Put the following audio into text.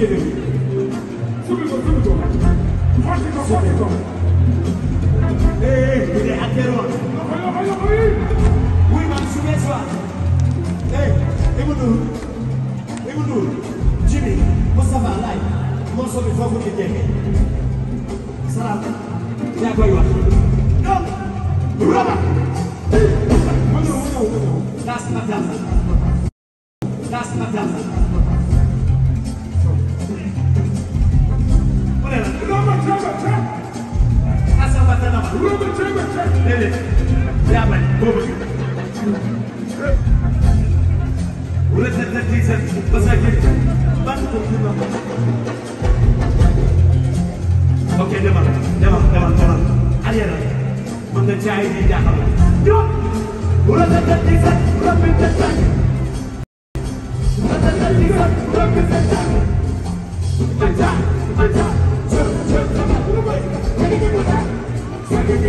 yéene bi subi ko su ngeen soit eh Ibou Ndour Ibou Ndour Jimmy Moustapha Laye foofu di jege salaam yaa koy wax donc raba ma ma ñëw ma ñëw daas ma daas daas ma daas Attack! Attack!